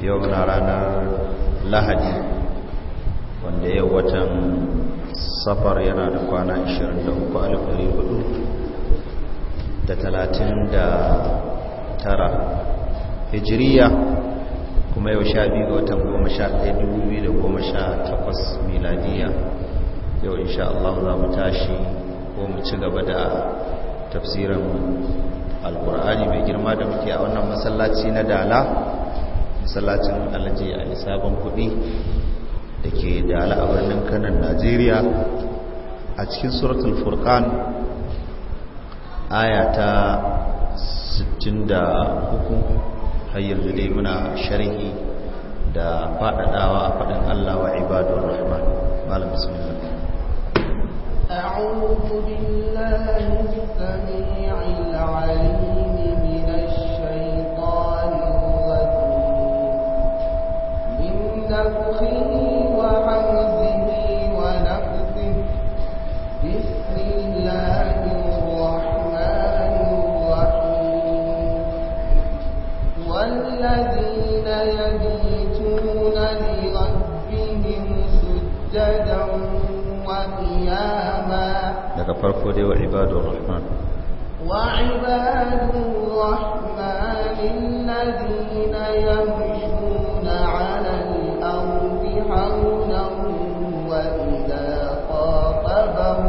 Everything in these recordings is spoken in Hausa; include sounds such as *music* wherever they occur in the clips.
yau muna ranar lahadi wanda yau watan safar yana da kwana 24,000 da 39 hijiriya kuma yau sha biyu ga watan takwas miladiya yau insha Allah za mu tashi ko mu ci gaba da tafsirin alkur'ani mai girma da muke a wannan masallaci na dala masallacin alaji a sabon kuɗi da ke da al'abarnin kanan najeriya a cikin suratul Furkan, aya ta 63 har yanzu dai muna sharhi da faɗaɗawa a faɗin Allah wa wa rahman malam bismillah أعوذ بالله السميع العليم daga farko dai wa ibadun rahman wa ibadun rahmanin ladina yamma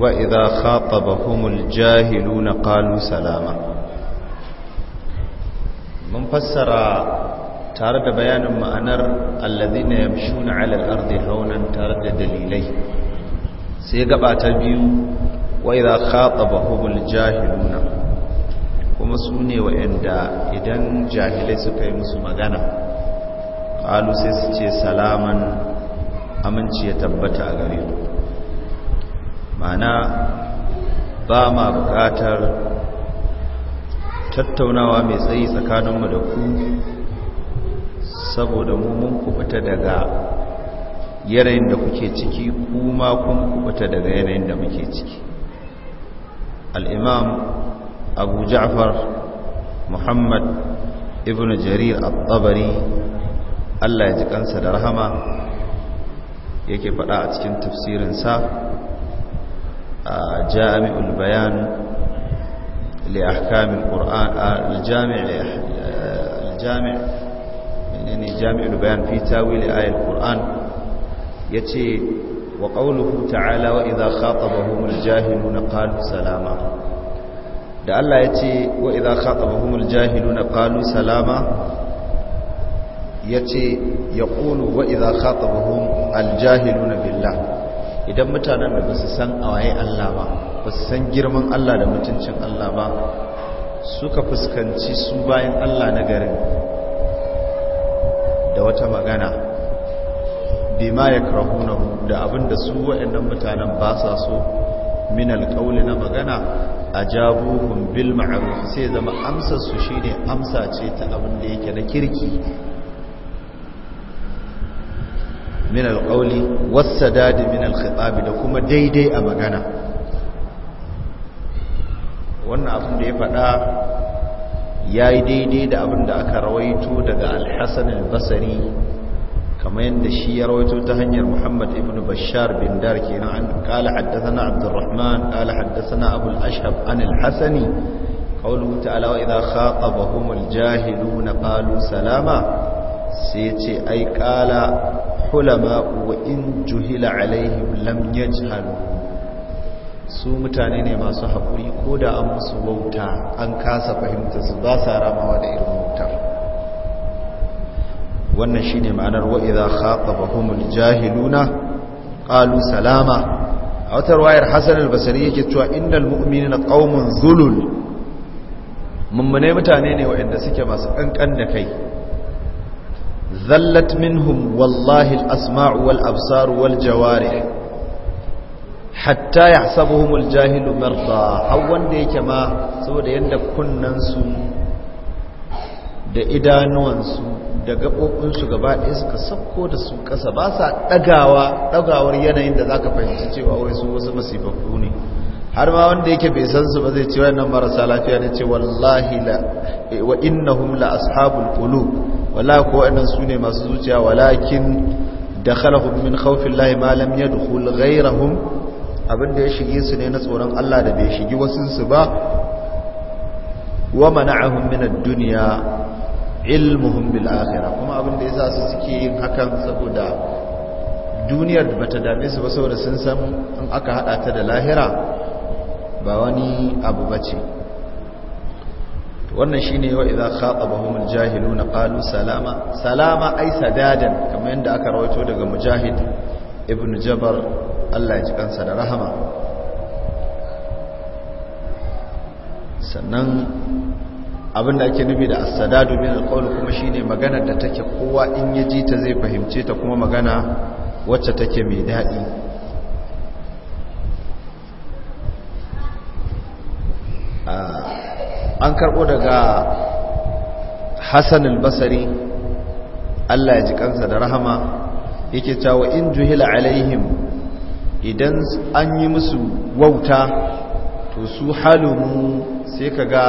وإذا خاطبهم الجاهلون قالوا سلاما من فسر tare da bayanin ma'anar alladhina yamshuna 'ala al-ardi haunan tare da dalilai sai gaba biyu wa idha khatabahumul jahiluna kuma sune wa'anda idan jahilai suka yi musu magana qalu sai su salaman aminci ya tabbata a gare ma'ana ba ma buƙatar tattaunawa mai tsayi tsakaninmu da ku saboda mu mun kubuta daga yanayin da kuke ciki kuma kun kubuta daga yanayin da muke ciki al'imam abu ja'far muhammad ibn jarir al-tabari allah ya ji kansa da rahama yake faɗa a cikin tafsirinsa جامع البيان لأحكام القرآن آه، الجامع الجامع يعني جامع البيان في تاويل آية القرآن يتي وقوله تعالى وإذا خاطبهم الجاهلون قالوا سلاما دع الله يتي وإذا خاطبهم الجاهلون قالوا سلاما يتي يقول وإذا خاطبهم الجاهلون بالله idan mutanen da ba su san awaye Allah ba ba su san girman Allah da mutuncin Allah ba suka fuskanci su bayan Allah na garin da wata magana bima ya karhuna da abinda su waɗannan mutanen ba sa so min alƙauli na magana a jabuhun bil ma'aruf sai zama amsar su shine amsa ce ta abin da yake na kirki min alqawli was-sadad min al da kuma daidai a magana wannan abin da ya faɗa yayi daidai da abin da aka rawaito daga al-Hasan kamar yadda shi ya rawaito ta hanyar Muhammad ibn Bashar bin Dar kenan an haddasa na Abdurrahman qala haddathana Abu al-Ashhab an al-Hasani qawluhu ta'ala wa idha khatabahum jahilu na qalu salama sai ce ai kala. al-hulama wa in juhila alaihim lam yajhalu su mutane ne masu haƙuri ko da an musu wauta an kasa fahimta su ba sa ramawa da irin wautar wannan shine ma'anar wa idza khatabahumul jahiluna ƙalu salama a wata ruwayar hasan al-basri yake cewa innal mu'minina qaumun zulul mummune mutane ne waɗanda suke masu kankan da kai zallat minhum wallahi al-asma'u wal absaru wal jawarih hatta yahsabuhum al-jahilu marda har wanda yake ma saboda yanda kunnan da idanuwansu da gaɓoɓinsu gaba ɗaya suka sauko su ƙasa ba sa ɗagawa yanayin da zaka fahimci cewa wai wasu masifafu ne har ma wanda yake bai san su ba zai ce wannan marasa lafiya ne ce wallahi la wa innahum la ashabul qulub wala ko waɗannan su masu zuciya walakin da khalahum min khawfi lahi ma lam yadkhul ghayrahum abinda ya shige su ne na tsoron Allah da bai shigi wasu su ba wa mana'ahum min ad-dunya ilmuhum bil akhirah kuma abinda yasa su suke yin hakan saboda duniyar bata dame su ba saboda sun san in aka hada ta da lahira ba wani abu bace wannan shine wa idza khatabahum aljahiluna qalu salama salama ay sadadan kamar yadda aka rawaito daga mujahid ibn jabar Allah ya ji kansa da rahama sannan abinda ake nufi da as-sadadu min kuma shi kuma shine magana da take kowa in ya ji ta zai fahimce ta kuma magana wacce take mai dadi ah, an karɓo daga hassan albasari allah ya ji kansa da rahama yake cewa in juhila alaihim idan an yi musu wauta to su halumu sai ka ga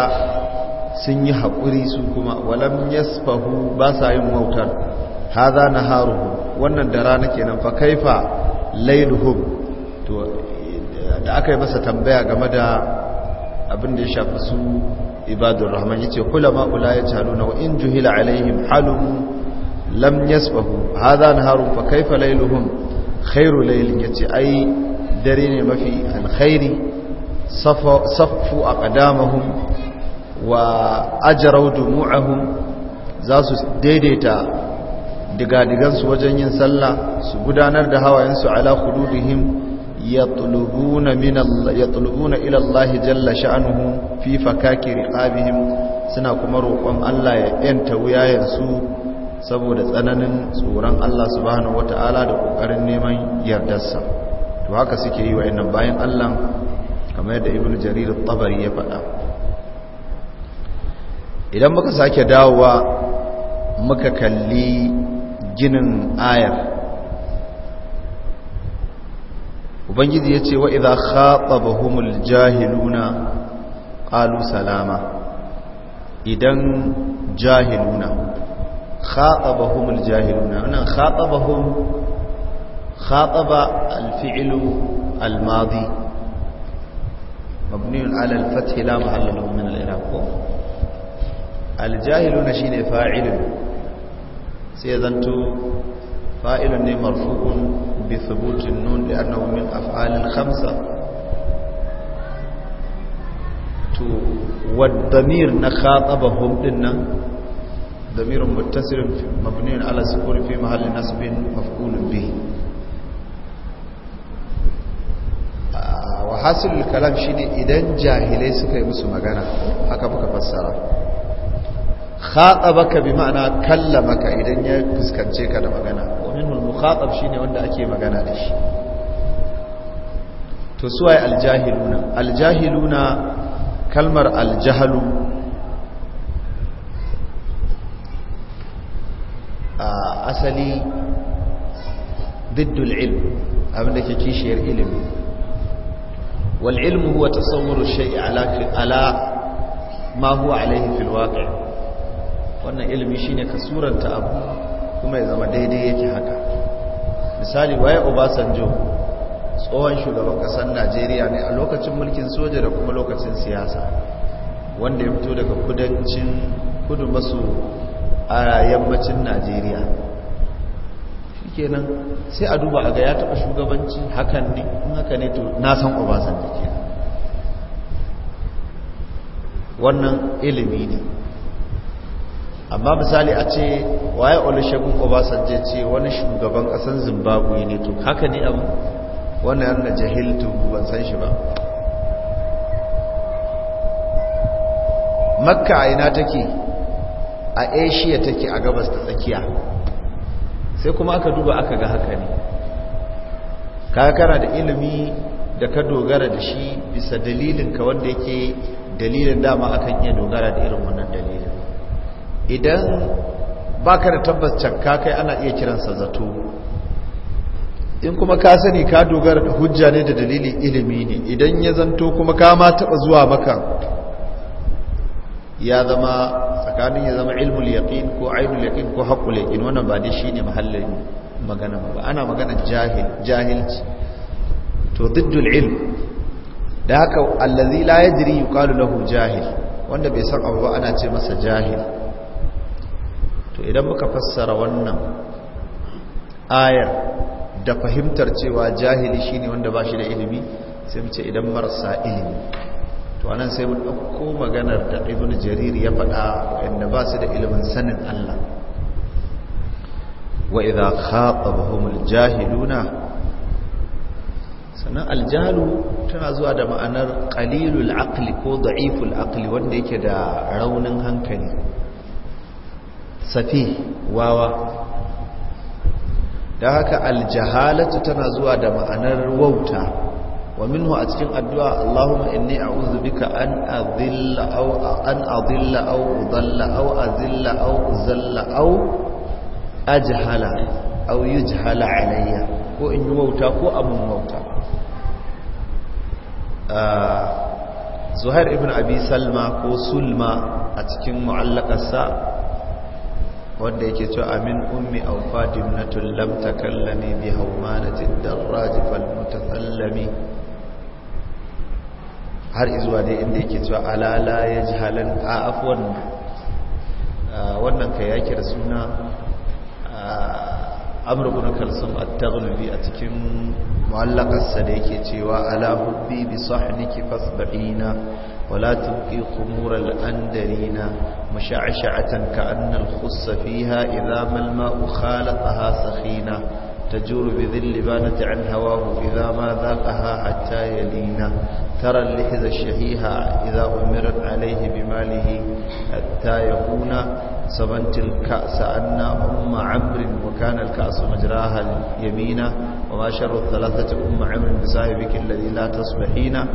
sun yi haƙuri su kuma walam yasfahu ba sa yin wautar haza na haruhu wannan da rana kenan fa kaifa lailuhum to da aka yi masa tambaya game da abin da ya shafi su ibadur rahman yace ulama ula yajaluna wa in juhila alaihim haluhum lam yasbahu hadha naharun fa kayfa layluhum khairu laylin yace ai dare ne mafi alkhairi safu aqdamahum wa ajraw zasu za su daidaita digadigansu wajen yin sallah su gudanar da hawayensu ala khududihim Ya min yatlubuna ila Allah jalla sha'nuhu fi fakaki riqabihim suna kuma roƙon Allah ya yanta wuyayensu saboda tsananin tsoron Allah subhanahu wataala da kokarin neman yardarsa to haka suke yi wa'annan bayan Allah kamar yadda Ibn Jarir at-Tabari ya faɗa idan muka sake dawowa muka kalli ginin ayar ubangiji ya ce wa idha khatabahumul jahiluna qalu salama idan jahiluna khatabahumul jahiluna wannan khatabahum khataba al-fi'lu al-madi mabni ala al-fath la mahalla lahu min al-i'rab al-jahiluna shine fa'ilun sai zanto fa'ilun ne marfu'un بثبوت النون لأنه من أفعال خمسة والضمير نخاطبهم لنا ضمير متصل مبني على سكون في محل نصب مفعول به وحاصل الكلام شيء إذا جاهلي سكي مسو مغانا haka muka fassara khatabaka bi ma'ana kallamaka idan ya fuskance ka da magana al shine wanda ake magana da shi to su waye al kalmar al-jahlu asali ضد العلم abinda ke kishiyar ilimi wal ilmu huwa tasawwuru shay'i ala ala ma huwa alayhi fil waqi' ilimi shine kasuranta abu kuma ya zama daidai yake haka misali waye obasanjo tsohon shugaban kasar najeriya ne a lokacin mulkin soja da kuma lokacin siyasa wanda ya fito daga kudancin kudu masu a yammacin najeriya kenan sai a duba a ga ya taɓa shugabanci hakan ne in haka ne to na san obasanjo kenan wannan ilimi ne amma misali a ce waye olusegun Sanje ce wani shugaban ƙasar zimbabwe ne to haka ne abu wannan yana jahiltu ban san shi ba makka a ina take a asia take a gabas ta tsakiya sai kuma aka duba aka ga haka ne kakara da ilimi da ka dogara da shi bisa dalilinka wanda yake dalilin dama akan iya dogara da irin wannan dalilin idan ba ka da tabbas cakka kai ana iya kiransa zato in kuma ka sani ka dogara da hujja ne da dalilin ilimi ne idan ya zanto kuma ka ma taba zuwa maka ya zama tsakanin ya zama ilmul yaqin ko ainul yaqin ko haqqul yaqin wannan ba dai shine mahallin magana ba ana magana jahil jahilci to diddul ilm da haka allazi la yadri yuqalu lahu jahil wanda bai san abu ba ana ce masa jahil to idan muka fassara wannan ayar da fahimtar cewa jahili shine wanda ba shi da ilimi sai mu ce idan marasa ilimi to anan sai mu ɗauko maganar da ibn jarir ya faɗa inda ba su da ilimin sanin Allah wa idha khatabahumul jahiluna sannan aljalu tana zuwa da ma'anar qalilul aqli ko da'iful aqli wanda yake da raunin hankali safi wawa da haka aljahalatu tana zuwa da ma'anar wauta wa minhu a cikin addu'a Allahumma inni a'udhu bika an adilla aw an adilla aw udalla aw azilla aw uzalla aw ajhala aw yujhala alayya ko in yi wauta ko abun wauta Zuhair ibn Abi Salma ko Sulma a cikin mu'allakarsa wanda yake cewa amin ummi aw fadimnatul lam takallami bi hawmanatid darraj fal mutasallami har izuwa dai inda yake cewa alala yajhalan a afwan wannan kai yake da suna amr ibn kalsum at-taghlibi a cikin mu'allakarsa da yake cewa ala hubbi bi sahniki fasbahina ولا تبقي خمور الأندرين مشعشعة كأن الخص فيها إذا ما الماء خالقها سخينة تجور بذل بانت عن هواه إذا ما ذاقها حتى يلينا ترى اللحظ الشهيها إذا أمرت عليه بماله حتى يكون سبنت الكأس أن أم عمر وكان الكأس مجراها اليمينة وما شر الثلاثة أم عمر بسايبك الذي لا تصبحين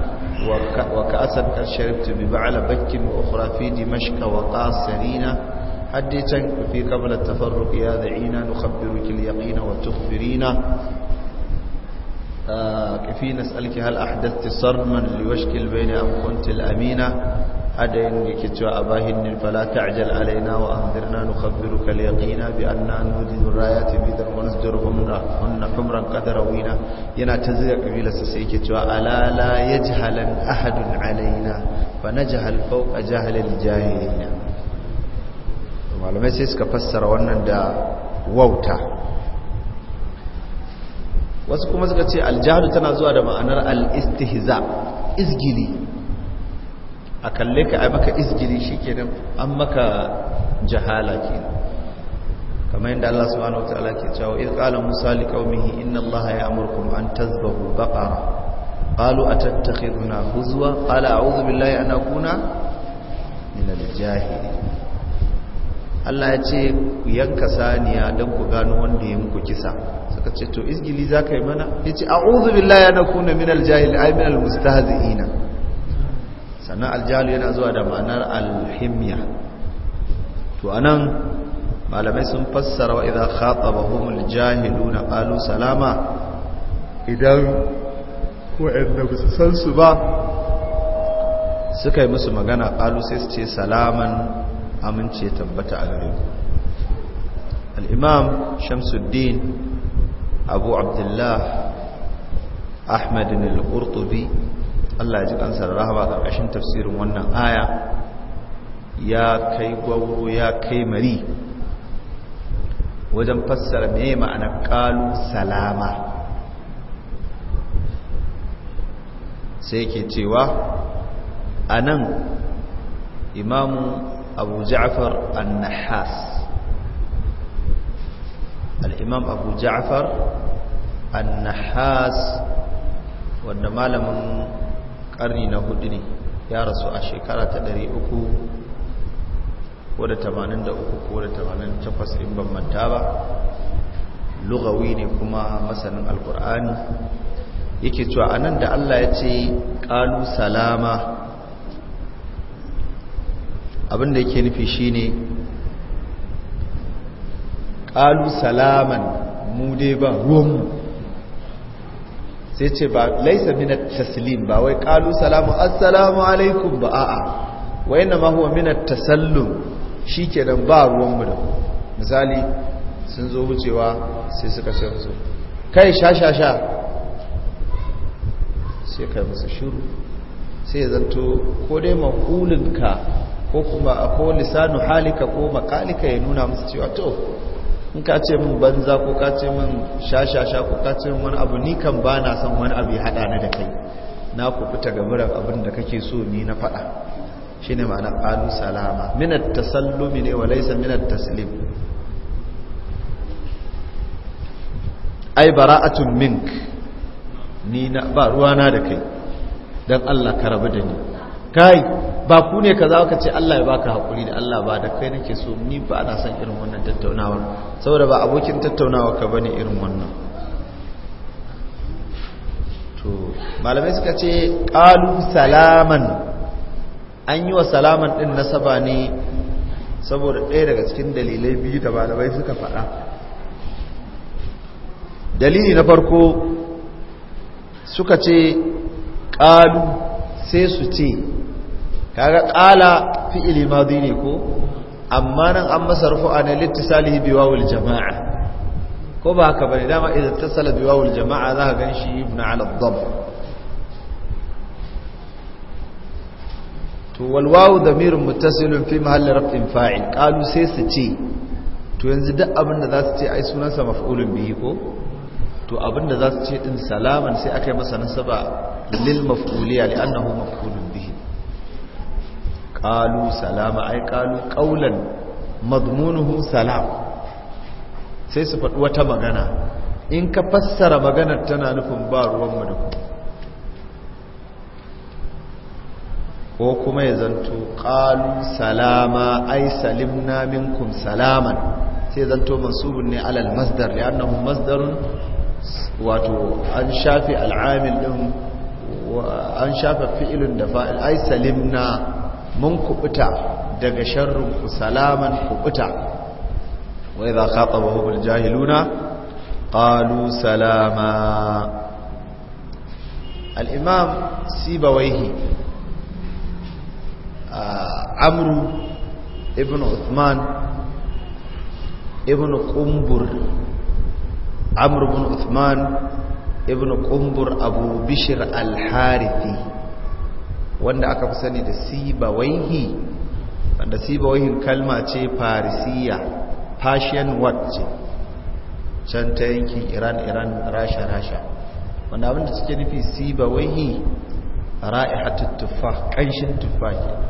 وكأسا قد شربت ببعل بك وأخرى في دمشق وقاصرين حدثا في قبل التفرق يا ذعينا نخبرك اليقين وتخبرينا كفي نسألك هل أحدثت صرما لوشكل بين أم كنت الأمينة أدين لكتوى أباهن فلا تعجل علينا وأنذرنا نخبرك اليقينا بأننا نودد الرايات بذر ونسجر هن حمرا قد روينا ينا تزيق في لسسي كتوى ألا لا يجهل أحد علينا فنجهل فوق جهل الجاهلين malamai sai suka fassara wannan da wauta wasu kuma suka ce aljahadu tana zuwa da ma'anar al'istihiza izgili a kalle ka ai maka izgili shikenan an maka jahala ke. kamar yadda Allah subhanahu wataala ke cewa idh qala musa liqaumihi inna allaha ya'murukum an tazbahu baqara qalu atattakhiduna huzwa qala a'udhu billahi an akuna min al-jahilin Allah ya ce ku yanka saniya don ku gano wanda ya muku kisa suka ce to izgili za ka yi mana ya ce a'udhu ya na kuna min aljahil ay min hazi'ina sannan aljahil yana zuwa da ma'anar alhimiya to a nan malamai sun fassara wa idan idza khatabahum na qalu salama idan wa'anda ba su san su ba suka yi musu magana qalu sai su ce salaman amince tabbata a gare al-imam shamsuddin abu abdullah ahmad al Allah ya ji kansa da rahama tafsirin wannan aya ya kai gwauro ya kai mari wajen fassara me ma'ana ƙalu salama sai yake cewa anan imamu abu ja'far al nahas al-imam abu ja'far al nahas wanda malamin karni na hudu ne ya rasu a shekara ta 300 ko da 83 ko da 88 in ban manta ba lugawi ne kuma masanin alkur'ani yake cewa anan da Allah ya ce qalu salama abin da yake nufi shine qalu salaman mu dai ba ruwanmu sai ce ba laisa min taslim ba wai qalu salamu assalamu alaikum ba a'a wa inna ma huwa min at-tasallum shikenan ba ruwanmu da misali sun zo wucewa sai suka ce musu kai sha sha sha sai kai musu shiru sai zanto ko dai makulinka ko kuma a ko lisanu halika ko makalika ya nuna musu cewa to in ka ce min banza ko ka ce min shashasha ko ka ce min wani abu ni kan ba na son wani abu ya haɗa na da kai na ku fita ga murar abin da kake so ni na faɗa shi ne ma'ana ƙalu salama minat tasallumi ne wa laisa minat taslim ai bara'atun mink ni na ba ruwana da kai don allah ka rabu da ni kai ba ku ne kaza ka ce Allah ya baka hakuri da Allah ba da kai nake so ni ba ana son irin wannan tattaunawa saboda ba abokin tattaunawa ka bane irin wannan to malamai suka ce qalu salaman an yi wa salaman din nasaba ne saboda ɗaya daga cikin dalilai biyu da malamai suka faɗa dalili na farko suka ce ƙalu sai su ce kaga qala fi'li madi ne ko amma nan an masa rufu'a ne littisalihi bi wawul jama'a ko ba haka bane dama idan tasala bi wawul jama'a za ka ganshi ibn ala dhamma to wal wawu damirun muttasilun fi mahalli raf'in fa'il qalu sai su ce to yanzu duk abin da za su ce ai sunansa maf'ulun bihi ko to abin da za su ce din salaman sai aka yi masa nasaba lil maf'uliya li'annahu maf'ulun qalu salama ai qalu qawlan madmunuhu salam sai su faɗi wata magana in ka fassara maganar tana nufin ba ruwanmu da ku ko kuma ya zanto ƙalu salama ai salimna minkum salaman sai zanto mansubun ne alal masdar li'annahu masdarun wato an shafi al'amil din an shafa fi'ilun da fa'il ai salimna mun kubuta daga sharrin ku salaman kubuta wa idza khatabahum aljahiluna qalu salama al-imam sibawaihi ah, amru ibn uthman ibn qumbur amru ibn uthman ibn qumbur abu bishr al-harithi wanda aka fi sani da sibawaihi wanda sibawaihin kalma ce farisiya persian word ce can ta yanki iran iran rasha rasha wanda abinda suke nufi sibawaihi tuffa, ƙanshin kanshin ke.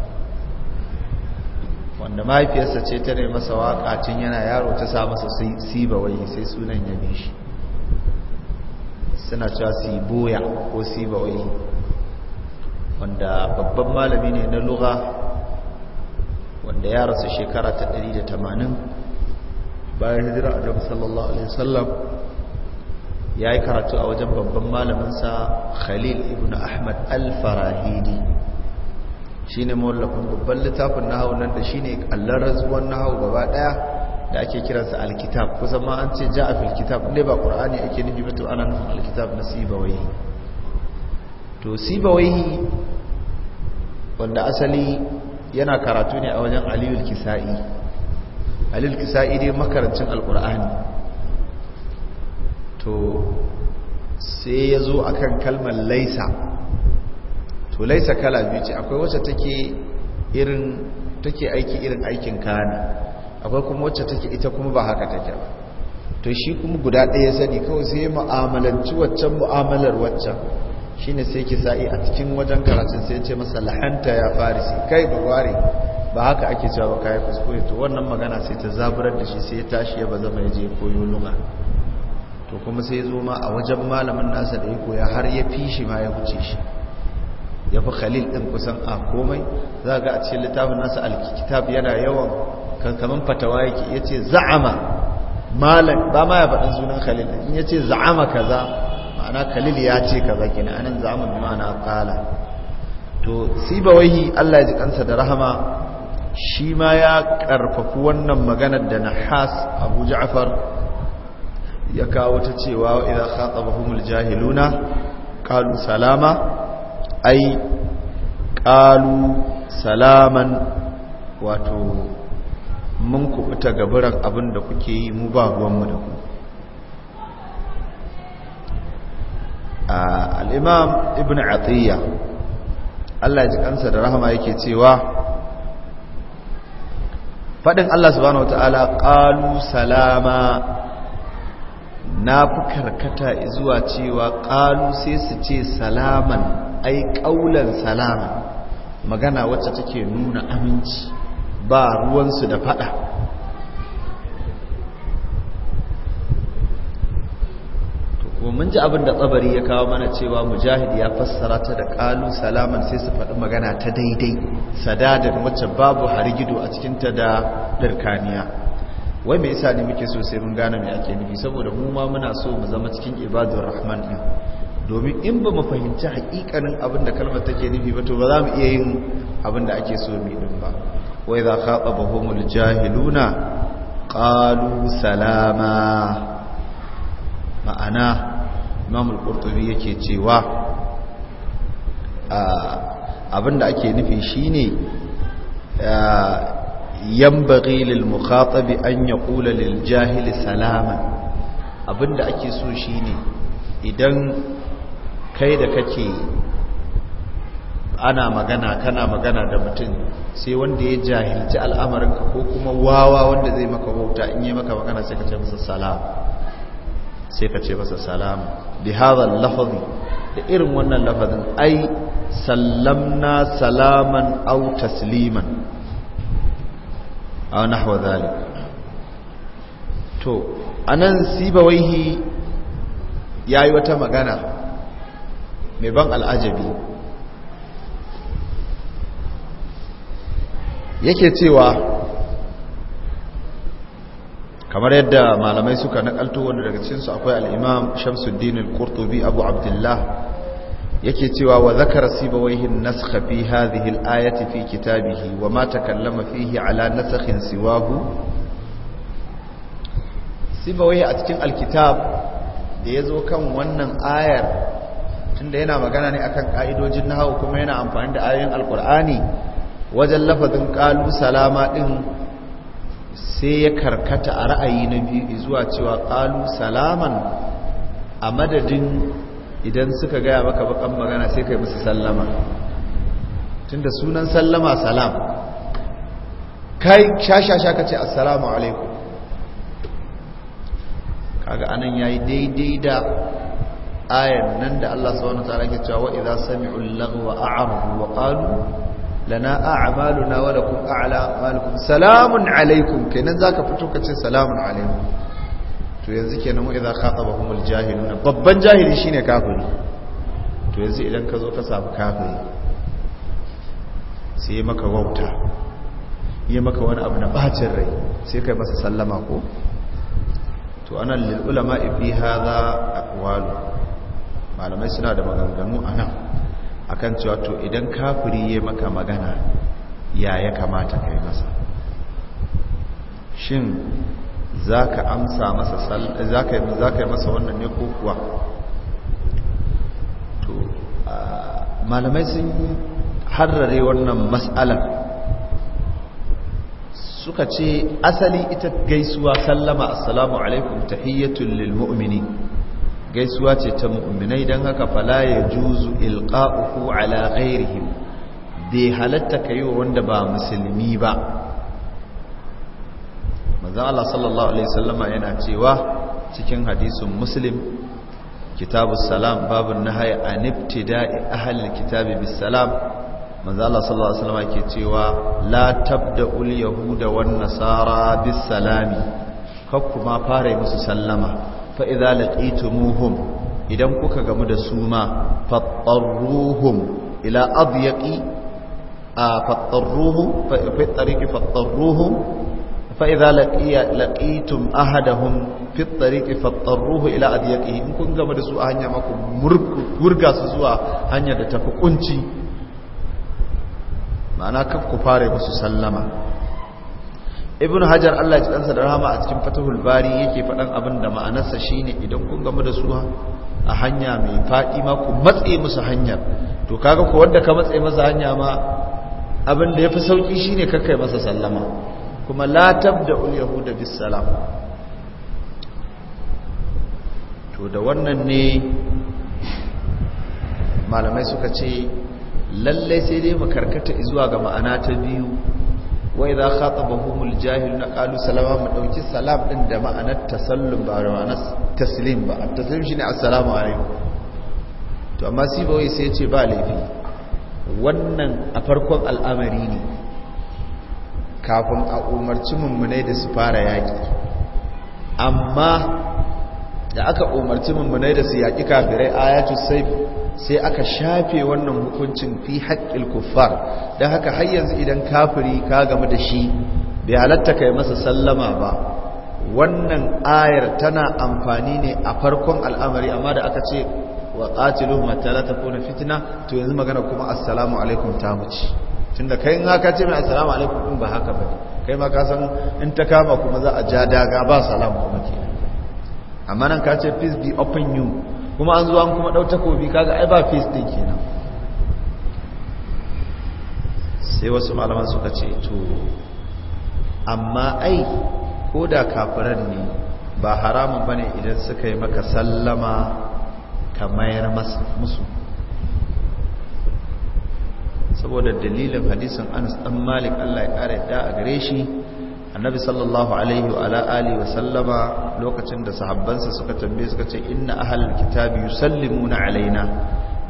wanda mahaifiyarsa ce ta ne masa waƙacin yana yaro ta sa masa sibawaihi sai sunan ya bi shi suna cewa siboya ko sibawaihi wanda babban malami ne na lura wanda ya rasu shekara ta 180 bayan hijira annabi sallallahu alaihi wasallam ya yi karatu a wajen babban malaminsa khalil ibn ahmad al-farahidi shi ne mawallafin babban littafin na hau nan da shi ne allon razuwan hau gaba daya da ake kiransa alkitab kusan ma an ce ja a filkitab ne ba ƙur'ani ake nufi mutu ana nufin alkitab na sibawai to sibawai wanda asali yana karatu ne a wajen aliyul kisa'i aliyul kisa'i dai makarancin alkur'ani to sai ya zo a kan kalmar laisa to laisa kala biyu ce akwai wacce take irin take aiki irin aikin kana akwai kuma wacce take ita kuma ba haka take ba to shi kuma guda ɗaya sani kawai sai mu'amalanci waccan mu'amalar waccan shine sai ki sa'i a cikin wajen karatun sai ce masa lahanta ya farisi kai bugware ba haka ake cewa ba kai kuskure to wannan magana sai ta zaburar da shi sai ya tashi ya bazama ya je koyo luma. to kuma sai ya zo ma a wajen malamin nasa da ya koya har ya fi shi ma ya wuce shi ya fi khalil ɗin kusan a komai za ga a cikin littafin nasa alkitab yana yawan kankamin fatawa yake ya ce za'ama malam ba ma ya faɗin sunan khalil in ya ce za'ama kaza ma'ana khalil ya ce zaki na anan zamu bi ma'ana qala to wai Allah ya ji kansa da rahama shi ma ya karfafu wannan maganar da nahas abu ja'far ya kawo ta cewa idan khatabahumul jahiluna qalu salama ai qalu salaman wato mun kubuta gaburan abin da kuke yi mu ba ruwanmu da ku al'imam ibn atiyya Allah ji kansa da rahama yake cewa faɗin Allah subhanahu ta’ala ƙalu salama na fi karkata zuwa cewa ƙalu sai su ce salaman ai ƙaulan salama magana wacce take nuna aminci ba ruwansu da faɗa mun ji abin da tsabari ya kawo mana cewa mujahid ya fassara ta da kalu salaman sai su faɗi magana ta daidai da wacce babu harigido a cikinta da birkaniya. wai mai yasa ne muke so sai mun gane mai ake nufi saboda mu ma muna so mu zama cikin ibadun rahman din domin in ba mu fahimci haƙiƙanin abin da kalmar take nufi ba to ba za mu iya yin abin da ake so mu ba wai za ka ɓaba jahiluna salama ma'ana imamul qurtubi yake cewa ah, abinda ake nufi shine ah, yanbaghi lil mukhatab an yaqula lil jahili salama abinda ake so shine idan kai da kake ana magana kana magana da mutum sai wanda ya jahilci al'amarinka ko kuma wawa wanda zai maka bauta in yi maka magana sai ka ce masa salama sai ka ce masa salamu bi hadha lafazi da irin wannan lafazin ai sallamna salaman aw tasliman aw nahwa dhalik to anan sibawaihi yayi wata magana mai ban al'ajabi yake cewa kamar yadda malamai suka nakalto wanda daga cikinsu akwai al'imam shamsuddin al-qurtubi abu abdullah yake cewa wa zakara sibawaihin naskha fi hadhihi al-ayati fi kitabihi wa ma takallama fihi ala nasakhin siwahu sibawaihi a cikin al-kitab da yazo kan wannan ayar tunda yana magana ne akan ka'idojin nahwu kuma yana amfani da ayoyin al-qur'ani wajen lafazin qalu salama din sai ya karkata a ra'ayi na biyu zuwa cewa ƙalu salaman a madadin idan suka gaya maka bakan magana sai kai musu sallama tunda sunan sallama salam kai shashasha ka ce assalamu alaikum kaga anan yayi daidai da ayan nan da Allah subhanahu wa ta'ala ke cewa wa idza sami'u al-lagwa a'rabu wa qalu lana a'maluna wa lakum a'malukum salamun alaikum kenan zaka fito ka ce salamun alaikum to yanzu kenan wa idza khatabahumul jahiluna babban jahili shine kafiri to yanzu idan ka zo ka samu kafiri sai maka wauta ya maka wani abu na bacin rai sai kai masa sallama ko to anan lil ulama fi hadha aqwalu malamai suna da maganganu anan akan cewa to idan kafiri ya maka magana ya ya kamata kai masa shin zaka amsa masa zaka zaka masa wannan ne ko kuwa to malamai sun harare wannan mas'alar suka ce asali ita gaisuwa sallama assalamu alaikum tahiyyatun lil gaisuwa ce ta mu'minai don haka fala ya juzu ilqa'uhu ala ghairihim bai halatta kai wanda ba musulmi ba manzon Allah sallallahu alaihi wasallama yana cewa cikin hadisin muslim kitabu salam babu nahaya an ibtida'i ahli kitabi bis salam manzo Allah sallallahu alaihi wasallam yake cewa la tabda'ul yahuda wan nasara bis salami kakku ma fara musu sallama fa idza laqitumuhum idan kuka gamu da su ma fattarruhum ila adyaqi fattarruhu fi tariqi fattarruhu fa idza laqiya laqitum ahadahum fi tariqi fattarruhu ila adyaqihi in kun gamu da su a hanya maku murga su zuwa hanya da tafi ƙunci, mana kaf ku fare musu sallama ibn hajar Allah ya tsansa da rahama a cikin fatahul bari yake faɗan abin da ma'anarsa shine idan kun gamu da su a hanya mai faɗi ma ku matse musu hanyar to kaga ko wanda ka matse masa hanya ma abin da yafi sauki shine kakai masa sallama kuma la ul yahuda bis salam to da wannan ne malamai suka ce lallai sai dai mu karkata zuwa ga ma'ana ta biyu Wai za ka wa humul khatabahumul na qalu salama mu dauki salam din da ma'anar tasallum ba ma'anar taslim ba at-taslim shine assalamu alaikum to amma si bawai sai ce ba laifi wannan a farkon al'amari ne kafin a umarci mummunai da su fara yaƙi. amma da aka umarci mummunai da su yaki kafirai ayatul sayf sai aka shafe wannan hukuncin fi haƙƙil kuffar don haka har yanzu idan kafiri ka gama da shi bai halatta kai masa sallama ba wannan ayar tana amfani ne a farkon al'amari amma da aka ce wa qatilu matala takuna fitina to yanzu magana kuma assalamu alaikum ta muci tunda kai in haka ce mai assalamu alaikum ba haka ba kai ma ka san in ta kama kuma za a ja daga ba salamu kuma ke amma nan ka ce peace be open you kuma an zo an kuma ɗau takobi kaga ai ba fis ɗin kenan sai wasu malaman suka ce to amma ai ko da kafiran ne ba haramun ba ne idan suka yi maka sallama ka mayar musu saboda dalilin hadisin anas ɗan malik allah ya ƙara yadda a gare shi annabi sallallahu alaihi wa alihi wa sallama lokacin da sahabbansa suka tambaye suka ce inna ahlul kitabi yusallimuna alaina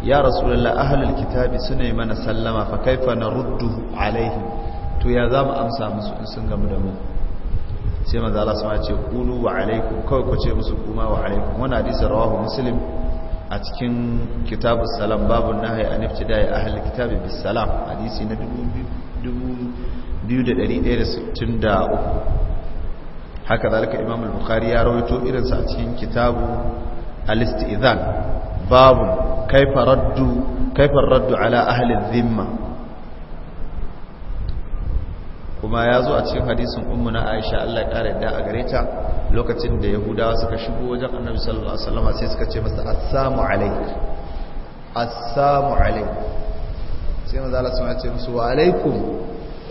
ya rasulullah ahlul kitabi suna mana sallama fa kaifa naruddu alaihim to ya zamu amsa musu in sun gamu da mu sai manzo Allah sama ce qulu wa alaikum kawai ku ce musu kuma wa alaikum wannan hadisi rawahu muslim a cikin kitabus salam babun nahyi an ibtida'i ahlul kitabi bis salam hadisi na 2000 2163 haka zalika imam al-bukhari ya rawaito irinsa a cikin kitabu al-istizan babu kaifa raddu kaifa raddu ala ahli dhimma kuma ya zo a cikin hadisin ummu na Aisha Allah ya kare da a gare ta lokacin da Yahudawa suka shigo wajen Annabi sallallahu alaihi wasallam sai suka ce masa assalamu alayk assalamu alayk sai manzo Allah ya ce musu wa alaikum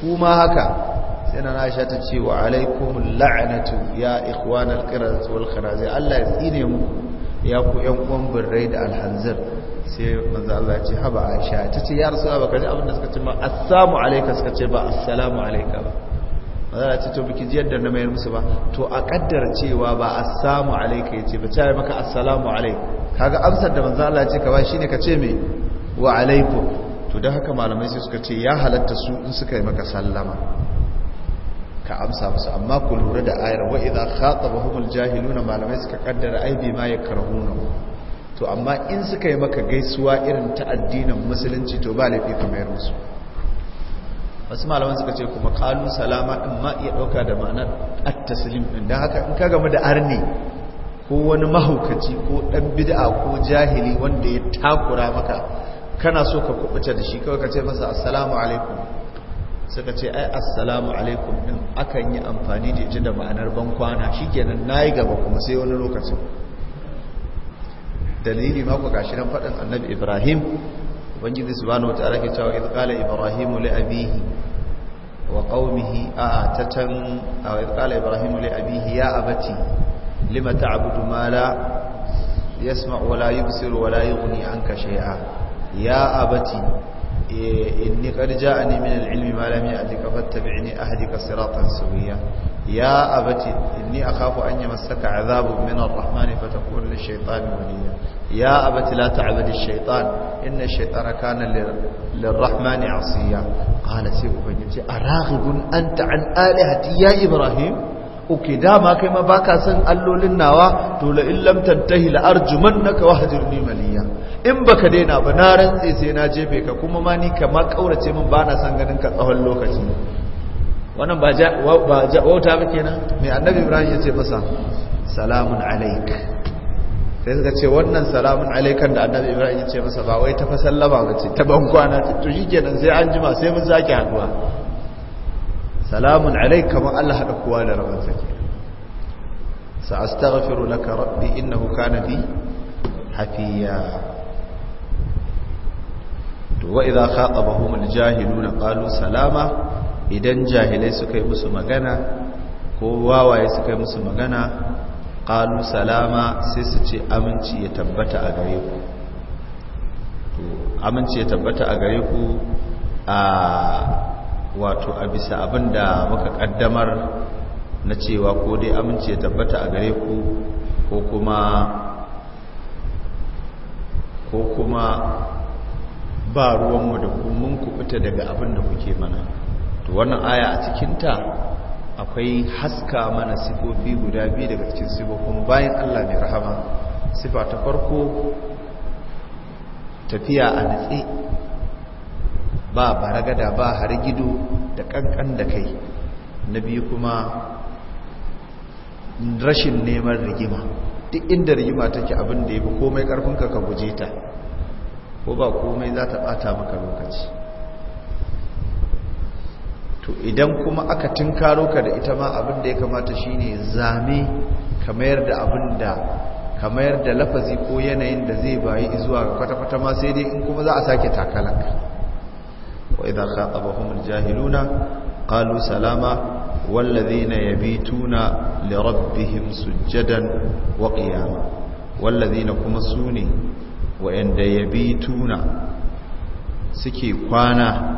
kuma haka sai na Aisha ta ce wa alaikum la'natu ya ikhwanal qiraz wal kharazir Allah ya tsine mu ya ku yan uwan birrai da alhanzir sai manzo Allah ya ce haba Aisha ta ce ya rasulullah baka ji abin da suka ce ma assalamu alayka suka ce ba assalamu alayka ba manzo Allah ya ce to biki ji yadda na mayar musu ba to a kaddar cewa ba assalamu alayka yace ba ta maka assalamu alayka kaga amsar da manzo Allah ya ce ka ba shine ka ce me wa alaikum to da haka malamai sai suka ce ya halatta su in suka yi maka sallama ka amsa musu amma ku lura da ayar wa idza khatabahumul jahiluna malamai suka kaddara aibi ma yakrahuna to amma in suka yi maka gaisuwa irin ta addinin musulunci to ba laifi ka mayar musu wasu malaman suka ce kuma kalu salama in ma iya dauka da ma'anar at-taslim din dan haka in ka gamu da arni ko wani mahaukaci ko dan bid'a ko jahili wanda ya takura maka kana so ka kubuta da shi kawai ka ce masa assalamu alaikum suka ce ai assalamu alaikum din akan yi amfani da ita da ma'anar bankwana shikenan nayi gaba kuma sai wani lokacin dalili ku gashi nan fadin annabi ibrahim ubangiji subhanahu ta'ala ke cewa idh qala ibrahimu li abihi wa qaumihi tatan aw idh qala ibrahimu li abihi ya abati lima ta'budu ma la yasma'u wa la yubsiru wa la yughni anka shay'a يا أبتي إني قد جاءني من العلم ما لم يأتك فاتبعني أهدك صراطا سويا يا أبتي إني أخاف أن يمسك عذاب من الرحمن فتكون للشيطان وليا يا أبتي لا تعبد الشيطان إن الشيطان كان للرحمن عصيا قال سيبه فنجي أراغب أنت عن آلهتي يا إبراهيم oke dama kai ma baka son allolin nawa to la illam tantahi la naka wahjurni maliya in baka daina ba na rantse sai na jefe ka kuma ma ni kamar kaurace min ba na san ganin ka tsawon lokaci wannan ba ja ba ja wauta ba kenan me annabi ibrahim ya ce masa salamun alaik sai suka ce wannan salamun alaikan da annabi ibrahim ya ce masa ba wai ta fa sallama ba ce ta ban to shikenan sai an jima sai mun zaki haduwa salamun alaik kamar Allah haɗa kowa da rabansa ke sa'astaghfiru laka rabbi innahu na bi hafiya to wa idza khatabahum na ƙalu salama idan jahilai suka yi musu magana ko wawaye suka yi musu magana ƙalu salama sai su ce aminci ya tabbata a gare ku aminci ya tabbata a gare ku a wato a bisa abin da muka kaddamar na cewa ko dai amince tabbata a gare ku ko kuma ko kuma ba ruwanmu da mun fita daga abin da kuke mana to wannan aya a cikinta akwai haska mana sifofi guda biyu daga cikin sifofin bayan Allah mai rahama sifa ta farko tafiya a nitsi ba baragada ba hargido da kankan da kai na biyu kuma rashin neman rigima duk inda rigima take abin da ya bi komai karfinka ka guje ta ko ba komai za ta bata maka lokaci to idan kuma aka tinkaro ka da ita ma abin da ya kamata shine zame kamar da abin da kamar da lafazi ko yanayin da zai bayi zuwa kwata-kwata ma sai dai in kuma za a sake takalanka وإذا خاطبهم الجاهلون قالوا سلاما والذين يبيتون لربهم سجدا وقياما والذين كمسوني وإن يبيتون سكي قانا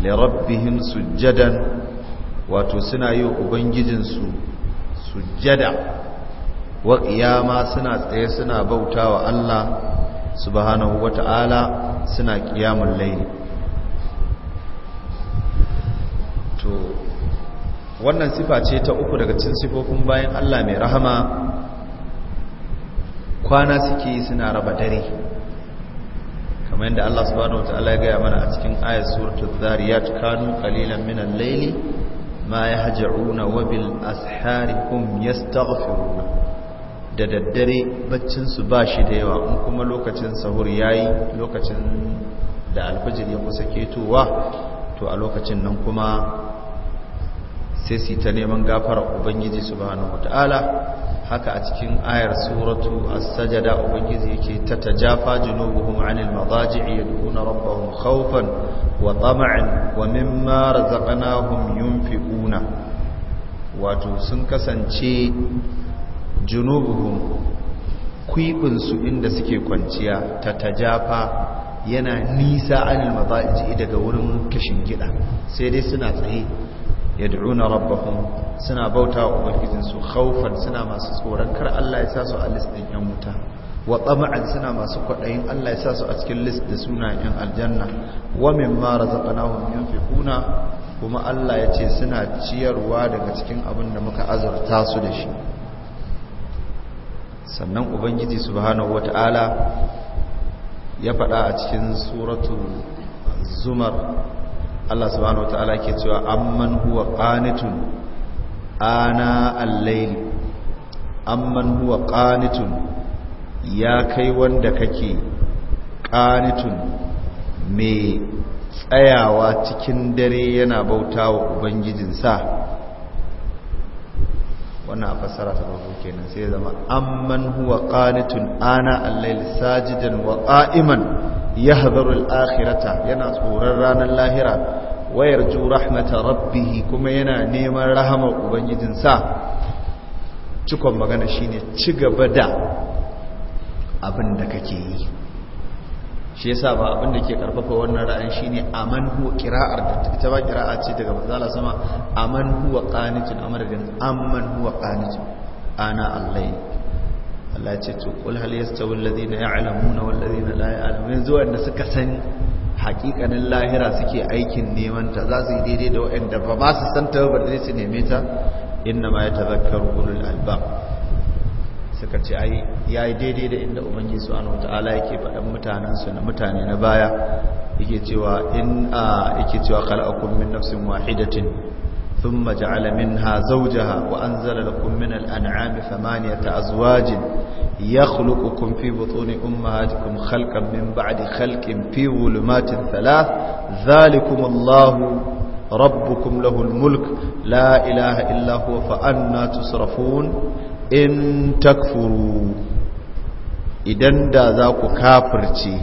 لربهم سجدا وتسنى يؤبنججنسو سجدا وقياما سنة سنة بوتا وأن الله subhanahu wata'ala suna kiyamun laili to wannan sifa ce ta uku daga cin sifofin bayan Allah mai rahama kwana suke suna raba dare kamar yadda Allah subhanahu wataala ya gaya mana a cikin ayat suratul zariyat kanu qalilan Minan, layli ma yahja'una wa bil ashari yastaghfiruna da daddare baccin su ba shi da yawa in kuma lokacin sahur yayi lokacin da alfajir ya kusa ketowa to a lokacin nan kuma sai su ta neman gafara ubangiji subhanahu wataala haka a cikin ayar suratu as-sajada ubangiji yake ta tajafa junubuhum 'anil madaji'i yad'una rabbahum khawfan wa tama'an wa mimma razaqnahum yunfiquna wato sun kasance junubuhum kuibin su inda suke kwanciya ta tajafa yana nisa 'anil madaji'i daga wurin kishin gida sai dai suna tsaye yad'una rabbahum suna bauta wa ubangijin su khawfan suna masu tsoron kar Allah ya sa su a list yan wuta wa tama'an suna masu kwadayin Allah ya sa su a cikin list da sunayen yan aljanna wa mimma razaqnahum yunfiquna kuma Allah ya ce suna ciyarwa daga cikin abin da muka azurta su da shi sannan ubangiji subhanahu wata'ala ya faɗa a cikin suratu zumar Allah subhanahu wataala ke cewa amman huwa qanitun ana al-layl amman huwa qanitun ya kai wanda kake qanitun me tsayawa cikin dare yana bautawa sa wannan a fassara ta babu kenan sai zama amman huwa qanitun ana al-layl sajidan wa qa'iman yahdharu al-akhirata yana tsoron ranar lahira wayar ju rahmata rabbih kuma yana neman rahama ubangijinsa cikon magana ne ci gaba da abin da kake yi shi yasa ba abin da ke karfafa wannan ra'ayin shine aman huwa qira'ar da ita ba qira'a ce daga manzala sama aman huwa qanitun amara manhu wa qanitun ana allahi Allah ce to kul hal yastawi alladhina ya'lamuna wal ladina la ya'lamun yanzu wanda suka sani hakikanin lahira suke aikin neman ta za su yi daidai da wanda ba ba su san ta ba su neme ta inna ma yatazakkaru ulul albab suka ce ai yayi daidai da inda ubangiji subhanahu wataala yake fadan mutanen su na mutane na baya yake cewa in a yake cewa khalaqakum min nafsin wahidatin ثم جعل منها زوجها وأنزل لكم من الأنعام ثمانية أزواج يخلقكم في بطون أمهاتكم خلقا من بعد خلق في ظلمات ثلاث ذلكم الله ربكم له الملك لا إله إلا هو فأنا تصرفون إن تكفروا إذن دا ذاك كافرتي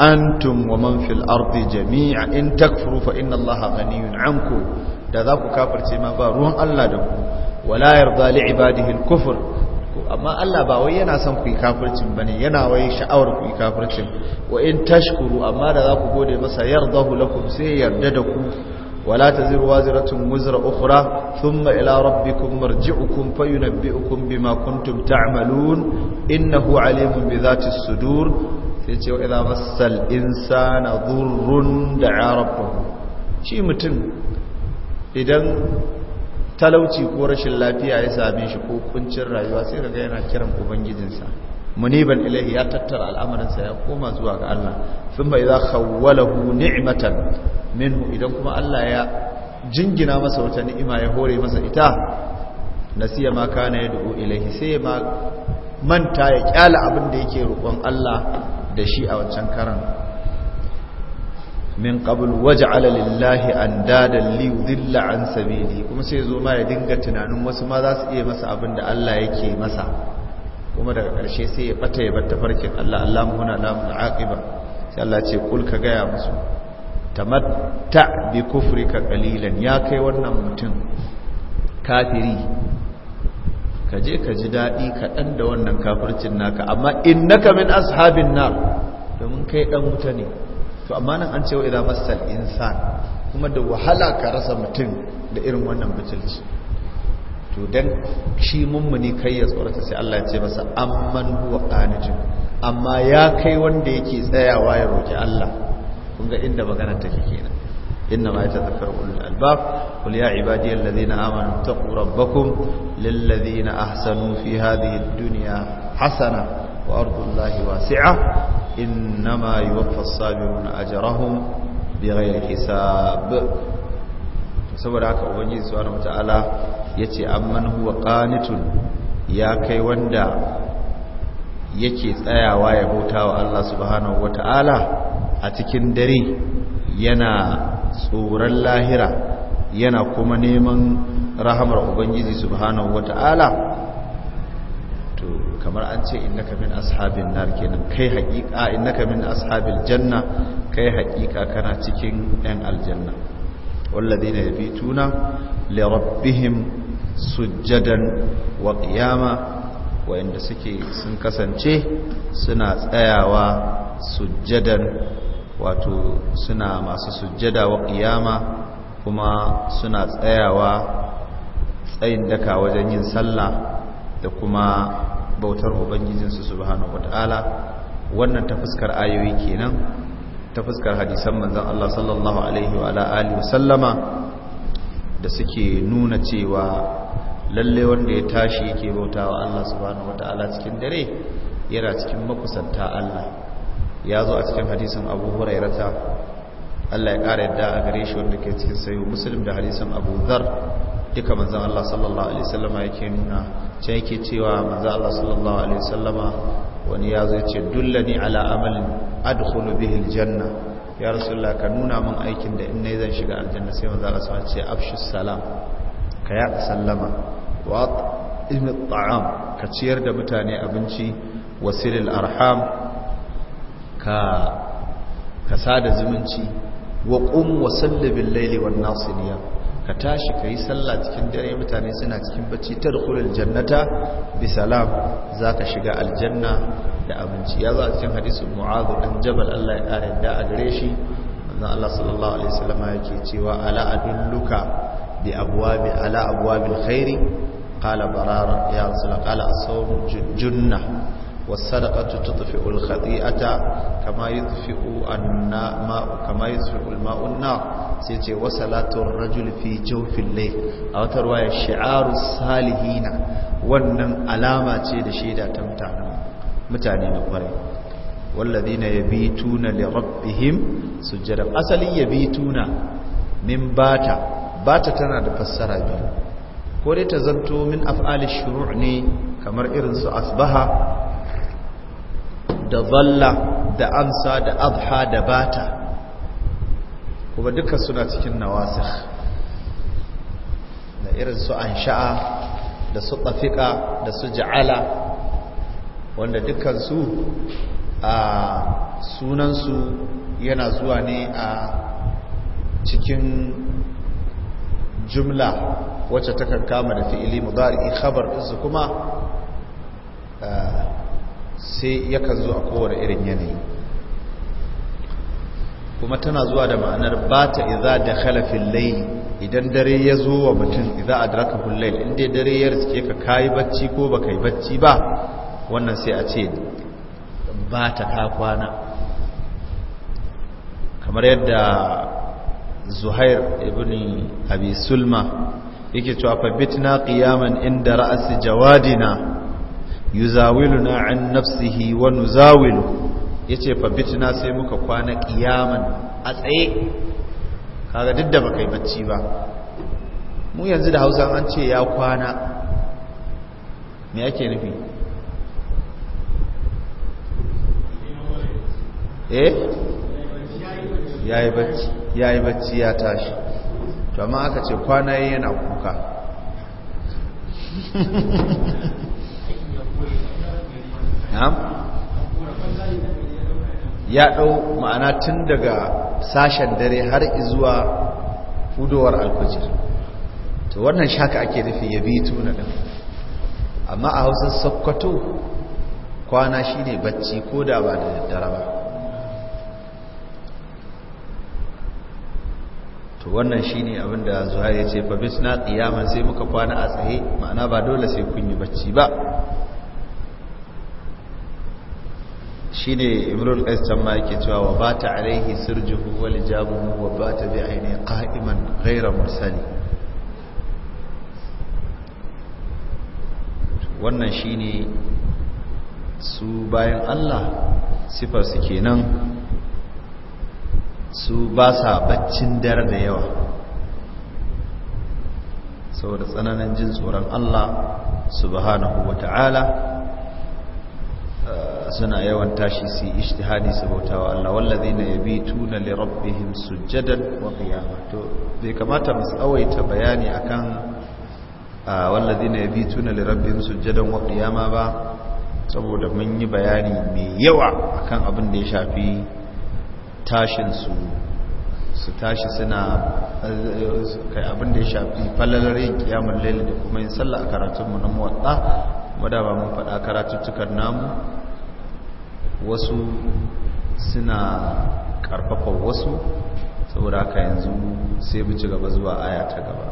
أنتم ومن في الأرض جميع إن تكفروا فإن الله غني عنكم da za ku kafirce ma ba ruwan Allah da ku wala yarda li ibadihi al-kufr amma Allah ba wai yana son ku yi kafircin bane yana wai sha'awar ku yi kafircin wa in tashkuru amma da za ku gode masa yardahu lakum sai yarda da ku ولا تزر وازرة وزر أخرى ثم إلى ربكم مرجعكم فينبئكم بما كنتم تعملون إنه عليم بذات الصدور إذا مس الإنسان ضر idan talauci ko rashin lafiya ya same shi ko kuncin rayuwa sai ga yana kiran ubangijinsa muniban ilahi ya tattara al'amarinsa ya koma zuwa ga Allah ka idza khawwalahu ni'matan minhu idan kuma Allah ya jingina masa wata ni'ima ya hore masa ita nasiya ma kana yad'u ilahi sai ma manta ya kyala abin da yake roƙon Allah da shi a wancan karan min qabl waj'ala lillahi andadan li yudilla an sabili kuma sai zo ma ya dinga tunanin wasu ma za su iya masa abin da Allah yake masa kuma daga ƙarshe sai ya bata ya batta farkin Allah Allah na lamu aqiba sai Allah ce kul ka gaya musu tamatta bi kufrika qalilan ya kai wannan mutum kafiri ka je ka ji daɗi kaɗan da wannan kafircin naka amma innaka min ashabin nar domin kai ɗan wuta ne to amma nan an ce wa idan masal insan kuma da wahala ka rasa mutum da irin wannan mutunci. to dan shi mummuni kai ya tsorata sai Allah ya ce masa amman huwa qanijin amma ya kai wanda yake tsayawa ya roki Allah kun ga inda maganar take kenan إنما albab أولو ya ibadi alladhina amanu taqu rabbakum lil ربكم ahsanu fi hadhihi ad-dunya hasana wa ardullahi واسعة إنما يوفى الصابرون أجرهم بغير حساب saboda haka ubangiji subhanahu wataala yace amman huwa qanitun ya kai wanda yake tsayawa ya bautawa Allah subhanahu wataala a cikin dare yana tsoron lahira yana kuma neman rahamar ubangiji subhanahu wataala to kamar an ce innaka min ashabin nar kenan kai haƙiƙa innaka min ashabil janna kai haƙiƙa kana cikin ɗan aljanna walladina yabituna li rabbihim sujjadan wa qiyama wa'inda suke sun kasance suna tsayawa sujjadan wato suna masu sujada wa qiyama kuma suna tsayawa tsayin daka wajen yin sallah da kuma bautar ubangijinsu subhanahu wataala wannan ta fuskar ayoyi kenan ta fuskar hadisan manzon Allah sallallahu alaihi wa alihi sallama da suke nuna cewa lalle wanda ya tashi yake bautawa Allah subhanahu wataala cikin dare yana cikin makusanta Allah ya zo a cikin hadisin Abu Hurairata Allah ya ƙara yadda a gare shi wanda ke cikin sayo Muslim da hadisin Abu Dharr duka manzan Allah sallallahu alaihi wasallama yake nuna can yake cewa manzan Allah sallallahu alaihi wasallama wani ya zo ce dullani ala amalin adkhulu bihi aljanna ya rasulullah ka nuna min aikin da in nayi zan shiga aljanna sai manzan Allah sallallahu alaihi wasallama ce afshu salam ka ya sallama wa ibn ta'am ka ciyar da mutane abinci wasilil arham ka ka sada zumunci wa qum wa sallabil layli wan nasiyah ka tashi ka yi sallah cikin dare mutane suna cikin bacci ta rukunin jannata bisalam za ka shiga aljanna da abinci ya za a cikin hadisun mu'azu ɗan jabal allah ya ƙara yadda a gare shi allah sallallahu alaihi wasallama yake cewa ala luka bi abwabi ala abwabil khairi qala barara ya rasul qala as-sawm junna والسرقة تطفئ الخطيئة كما يطفئ الماء كما يطفئ الماء النار سيتي وصلاة الرجل في جوف الليل أو تروي شعار الصالحين ونن علامة سيد شيدة تمتعنا متعني نقري والذين يبيتون لربهم سجدا أصلي يبيتون من بات بات تنا فسر بي ko dai ta zanto min af'alish shuru' ne kamar irin su asbaha da zalla da amsa da abha da bata kuma duka suna cikin nawasir da irin su an sha'a da su ɓafiƙa da su ja'ala wanda dukansu a sunansu yana zuwa ne a cikin jumla wacce ta kankama da fi'ili mudari khabar ɗinsu kuma sai yakan zo a kowar irin yanayi kuma tana zuwa da ma'anar ba ta iza da khalafin laili idan dare ya zo wa mutum iza a daraka hullail inda dare ya riske ka kayi bacci ko ba kai bacci ba wannan sai a ce ba ta ka kwana kamar yadda zuhair ibn abi sulma yake cewa fa bitna qiyaman inda ra'asi jawadina yuzawiluna an nafsihi wa nuzawilu yace fa bitna sai muka kwana kiyaman a tsaye kaga duk da baka yi bacci ba mu yanzu da Hausa an ce ya kwana me yake nufi eh yayi bacci yayi bacci ya tashi to amma aka ce kwana yana kuka *laughs* ya ɗau ma'ana tun daga sashen dare har izuwa fudowar alfajir to wannan shaka ake nufi ya bi tuna ɗin amma a hausar sokoto kwana shi ne bacci ko da ba da daddara ba to wannan shi shine abinda zuwa ya ce babis na tsiyaman sai muka kwana a tsaye ma'ana ba dole sai kun yi bacci ba shine imrul qais can ma yake cewa wa bata alaihi sirjuhu huwa lijabuhu wa bata bi aini qa'iman gaira mursali wannan shi ne su bayan Allah sifar su kenan su ba sa baccin dare da yawa saboda tsananin jin tsoron Allah subhanahu wa ta'ala suna yawan tashi su ishtihadi su wa Allah yabi tuna li rabbihim sujadan wa qiyama to bai kamata mu tsawaita bayani akan yabi tuna li rabbihim sujadan wa qiyama ba saboda mun yi bayani mai yawa akan abin da ya shafi tashin su su tashi suna kai abin da ya shafi falalar yin kiyamun laili da kuma yin sallah a karatunmu na kuma da ba mun faɗa karatuttukan namu wasu suna karfafa wasu saboda haka yanzu sai mu ci gaba zuwa aya ta gaba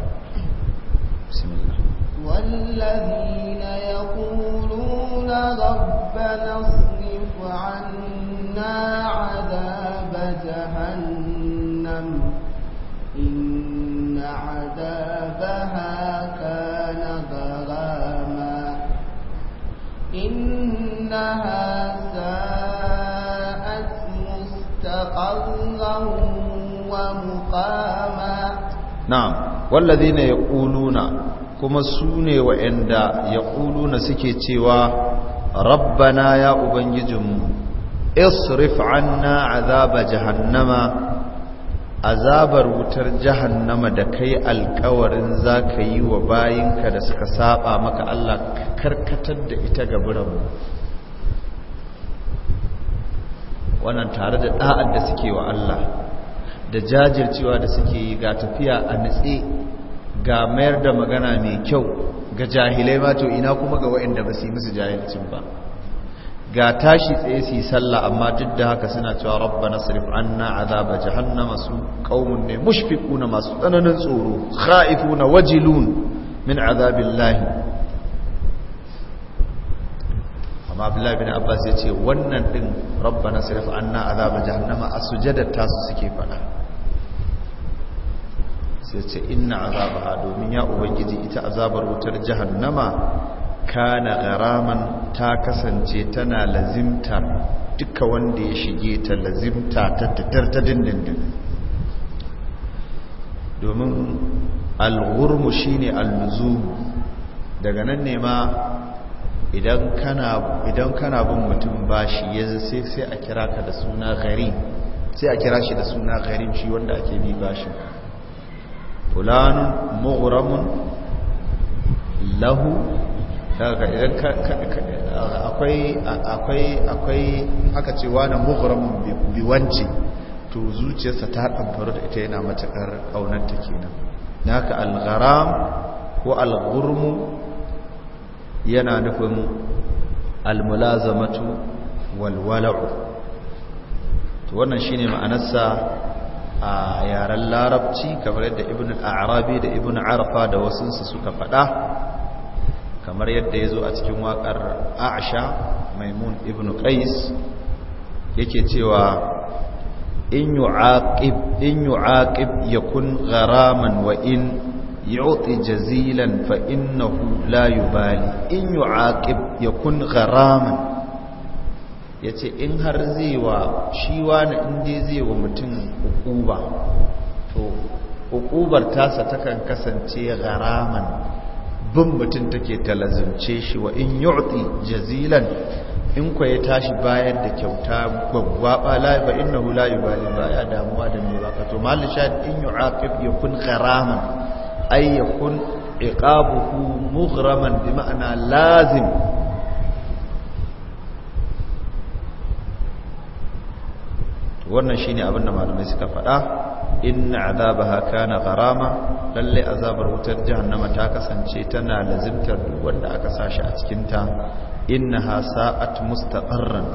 والذين يقولون ربنا اصرف عنا عذاب جهنم إن عذابها كان غراما إنها na'am ومقاما نعم والذين يقولون kuma su ne wa'yanda ya ƙuluna suke cewa rabbana ya ubangijinmu isrif anna azaba jahannama azabar wutar jahannama da kai alkawarin za ka yi wa bayinka da suka saba maka Allah karkatar da ita gaburanmu wannan tare da da'ar da suke wa Allah da jajircewa da suke yi ga tafiya a nutse ga mayar da magana mai kyau ga jahilai ma to ina kuma ga waɗanda ba su yi musu jahilcin ba ga tashi tsaye su yi sallah amma duk da haka suna cewa rabba na sarif anna azaba jahannama su qaumun ne mushfiquna masu tsananin tsoro khaifuna wajilun min azabillahi amma abdullahi bin abbas ya ce wannan din na sirif anna azabar jahannama a sujadar tasu suke fada sai ce inna azabaha domin ya ubangiji ita azabar wutar jahannama kana garaman ta kasance tana lazimta duka wanda ya shige ta lazimta ta tattar ta dindindin domin al shi shine al daga nan ne ma idan kana bin mutum bashi yanzu sai a kira ka da suna gharim sai a kira shi da suna gharim shi wanda ake bi shi fulani mughramun lahu daga idan akwai akwai akwai aka ce wani mughramun biwanci to zuciyarsa ta ɗanfaru da ita yana matuƙar ƙaunanta kenan naka al-gharam ko al yana nufin almulazamatu walwala'u to wannan shine ma'anarsa a yaren larabci kamar yadda ibn al-arabi da ibn arfa da su suka faɗa kamar yadda yazo a cikin waƙar aisha maimun ibn qais yake cewa in yu'aqib in yu'aqib yakun gharaman wa in yu'ti jazilan fa innahu la yubali in yu'aqib yakun gharaman yace in har zai wa shi wani in dai wa mutum hukuba to hukubar tasa takan kasance gharaman bin mutum take talazumce shi wa in yu'ti jazilan in ku ya tashi bayar da kyauta gwaggwaba la fa innahu la yubali ba ya damuwa da me baka to mal shahid in yu'aqib yakun gharaman ay yakun iqabuhu mughraman bi ma'ana lazim wannan shine abin da malamai suka faɗa inna azabaha kana gharama lalle azabar wutar jahannama ta kasance tana lazimtar duk wanda aka sashi a cikin ta innaha sa'at mustaqarran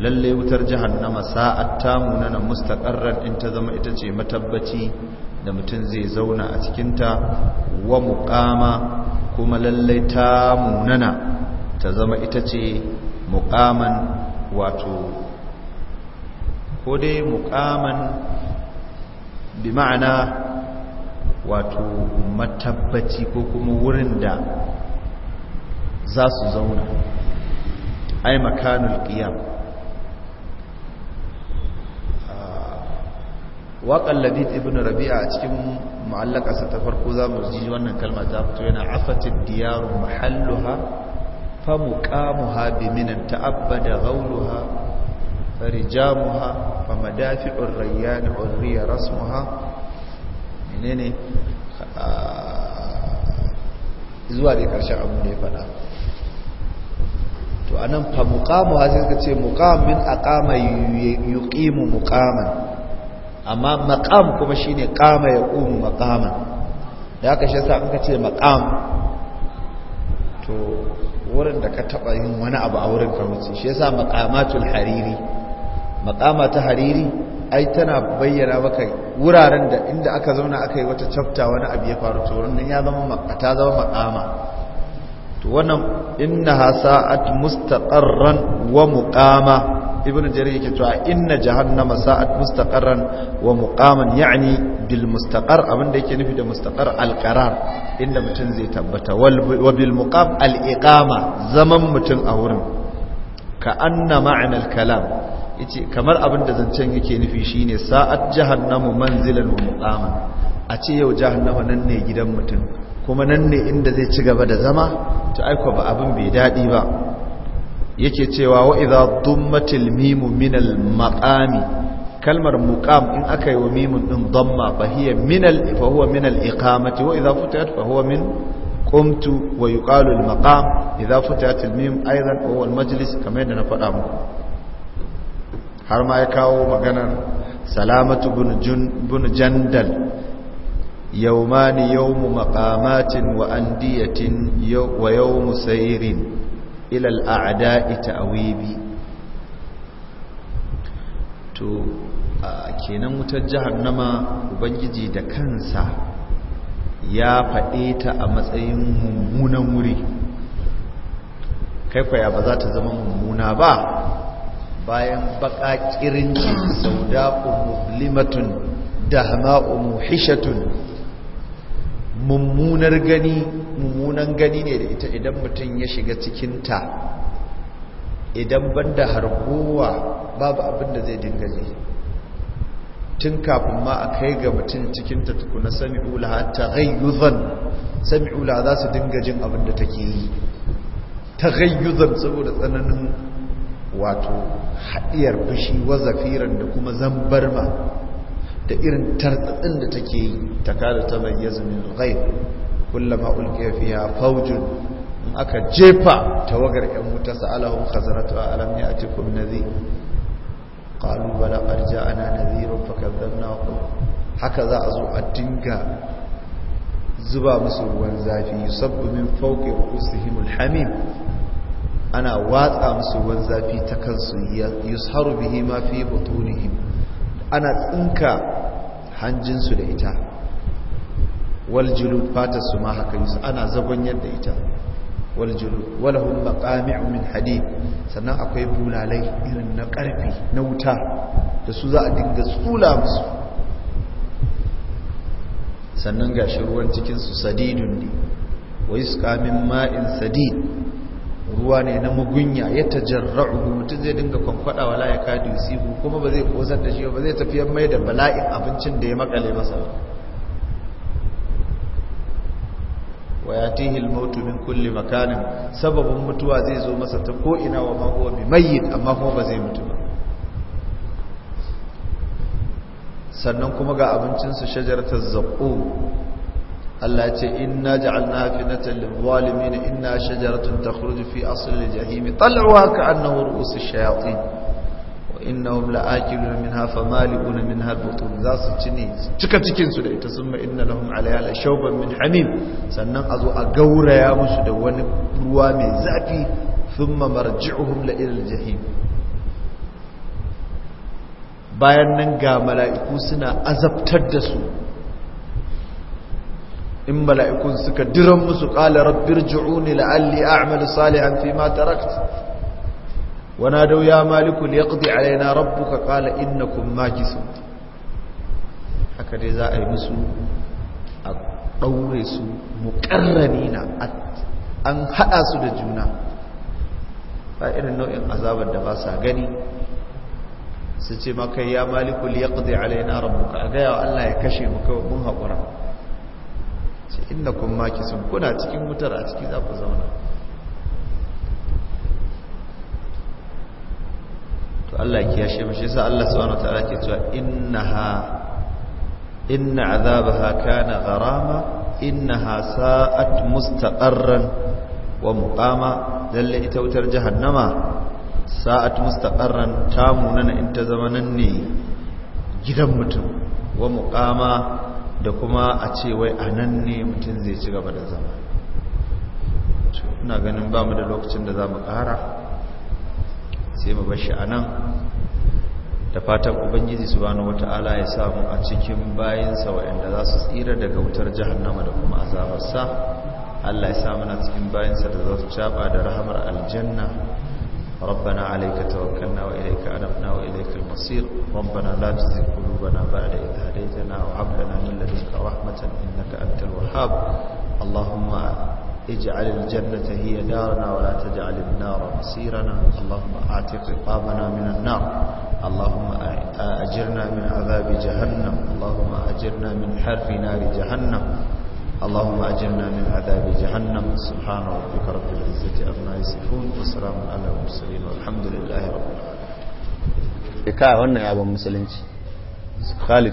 lalle wutar jahannama sa'at ta munana mustaqarran in ta zama ita ce matabbaci da mutum zai zauna a cikinta wa muƙama kuma lallai ta munana ta zama ita ce muƙaman wato ko dai muƙaman bi ma'ana wato matabbaci ko kuma wurin da za su zauna ai makanul qiyam waƙan labid ibn rabi'a a cikin mu'allakarsa ta farko za mu ji wannan kalma ta fito yana afatin diyarun mahalluha fa muqamuha bi minan ta'abbada ghawluha fa rijamuha fa madafi'ur rayyan urriya rasmuha menene zuwa da karshen abu ne ya fada to anan fa muqamuha sai ka ce muqam min aqama yuqimu muqaman amma maƙam kuma shine qama yaqumu maƙama da aka shi sa aka ce maqam to wurin da ka taba yin wani abu a wurin ka wuce shi yasa maqamatul hariri maqama ta hariri ai tana bayyana maka wuraren da inda aka zauna aka yi wata chapter wani abu ya faru to wurin ya zama maqata zama maqama to wannan innaha sa'at mustaqarran wa muqama ibn jarir yake cewa inna jahannama sa'at mustaqarran wa muqaman ya'ni bil mustaqar abinda yake nufi da mustaqar al qarar inda mutun zai tabbata wa bil muqam al iqama zaman mutun a wurin ka anna ma'na al kalam yace kamar abinda zancen yake nufi shine sa'at jahannamu manzilan wa muqaman a ce yau jahannama nan ne gidan mutun kuma nan ne inda zai ci gaba da zama to aiko ba abin bai dadi ba yake cewa wa'iza idza dummatil mimu minal maƙami, kalmar muƙam in aka yi wa mimun ɗin damma fa hiya min al fa huwa min al iqamati wa idza futihat min Ƙumtu wa yuqalu al maqam idza futihat al mim aidan wa majlis kamar yadda na faɗa muku har ma ya kawo maganar salamatu bin jandal yaumani yawmu maƙamatin wa andiyatin wa yawmu sayrin ilal a webi, to kenan wutar jahannama ubangiji da kansa ya faɗe ta a matsayin mummunan wuri kai ba za ta zama mummuna ba bayan baka kirinci sauda umulimatun dahma umuhishatun mummunar gani mummunan gani ne da ita idan mutum ya shiga cikinta idan banda harbowa babu abin da zai dinga ji tun kafin ma a kai ga mutum cikinta tukuna sami'ula hatta ghayyuzan ula za su dinga jin abin da take yi ta ghayyuzan saboda tsananin wato haɗiyar fushi wa zafiran da kuma ma. da irin tartadin da take yi ta kada ta bayyaza min ghaib kullama ulqiya fiha fawjun in aka jefa tawagar yan wuta sa'alahum khazaratu alam ya'tikum nadhir qalu bala qad ja'ana nadhirun fakadzabna wa haka za a zo a dinga zuba musu ruwan zafi yusabbu min fawqi ru'usihim alhamim ana watsa musu ruwan zafi ta kansu yusharu bihi ma fi butunihim ana tsinka hanjinsu da ita waljulud fatarsu ma haka ana zagonyar da ita waljulud walahun makami'u min hadid sannan akwai bulalai irin na ƙarfi na wuta da su za a dinga tsula musu sannan ga ruwan cikinsu sadidun ne wa yi min ma'in sadid ruwa ne na mugunya ya tajarra'u mutum zai dinga kwankwada wala ya kadu sihu kuma ba zai kosar da shi ba zai tafiyar mai da bala'in abincin da ya makale masa wa ya tihi mautu min kulli makanin sababin mutuwa zai zo masa ta ko ina wa ma huwa bi mayyit amma kuma ba zai mutu ba sannan kuma ga abincin su ta zaɓo. Allah ya ce inna ja'alna fitnatan lil inna shajaratun takhruju fi asli jahimi jahim tal'uha ka'annahu ru'usu shayatin wa innahum la'akiluna minha famali'una minha butun zasu cine cika cikin su da ita summa inna lahum 'alayha lashawban min hamim sannan azu a gauraya musu da wani ruwa mai zafi thumma marji'uhum la ila jahim bayan nan ga mala'iku suna azabtar da su in mala'ikun suka diran musu qala rabbir ji'uni la'alli a'malu salihan fi ma tarakt wa nadaw ya maliku liqdi alaina rabbuka qala innakum majisun haka dai za a yi musu a ɗaure su na an haɗa su da juna ba irin nau'in azabar da ba sa gani su ce maka ya maliku liqdi alaina ka, ga ya Allah ya kashe mu kawai mun haƙura ce inna kun maki sun kuna cikin wutar a ciki za ku zauna to Allah ya kiyashe mu shi yasa Allah subhanahu wataala ke cewa innaha inna azabaha kana gharama innaha sa'at mustaqarran wa muqama lalle ita wutar jahannama sa'at mustaqarran ta munana in ta zama nan ne gidan mutum wa muqama da kuma a ce wai a nan ne mutum zai ci gaba da zama ina ganin ba mu da lokacin da za mu ƙara sai mu bashi a nan da fatan ubangiji bani wata'ala ya samu a cikin bayansa waɗanda za su tsira daga wutar jahannama da kuma azabarsa Allah ya samu na cikin bayansa da za su caba da rahamar aljanna ربنا عليك توكلنا وإليك أنبنا وإليك المصير ربنا لا تزغ قلوبنا بعد إذ هديتنا وهب لنا من لدنك رحمة إنك أنت الوهاب اللهم اجعل الجنة هي دارنا ولا تجعل النار مصيرنا اللهم اعتق رقابنا من النار اللهم أجرنا من عذاب جهنم اللهم أجرنا من حرف نار جهنم اللهم أجرنا من عذاب جهنم سبحان ربك رب العزة عما يصفون وسلام على المرسلين والحمد لله رب العالمين إكا هنا يا أبو مسلمين خالد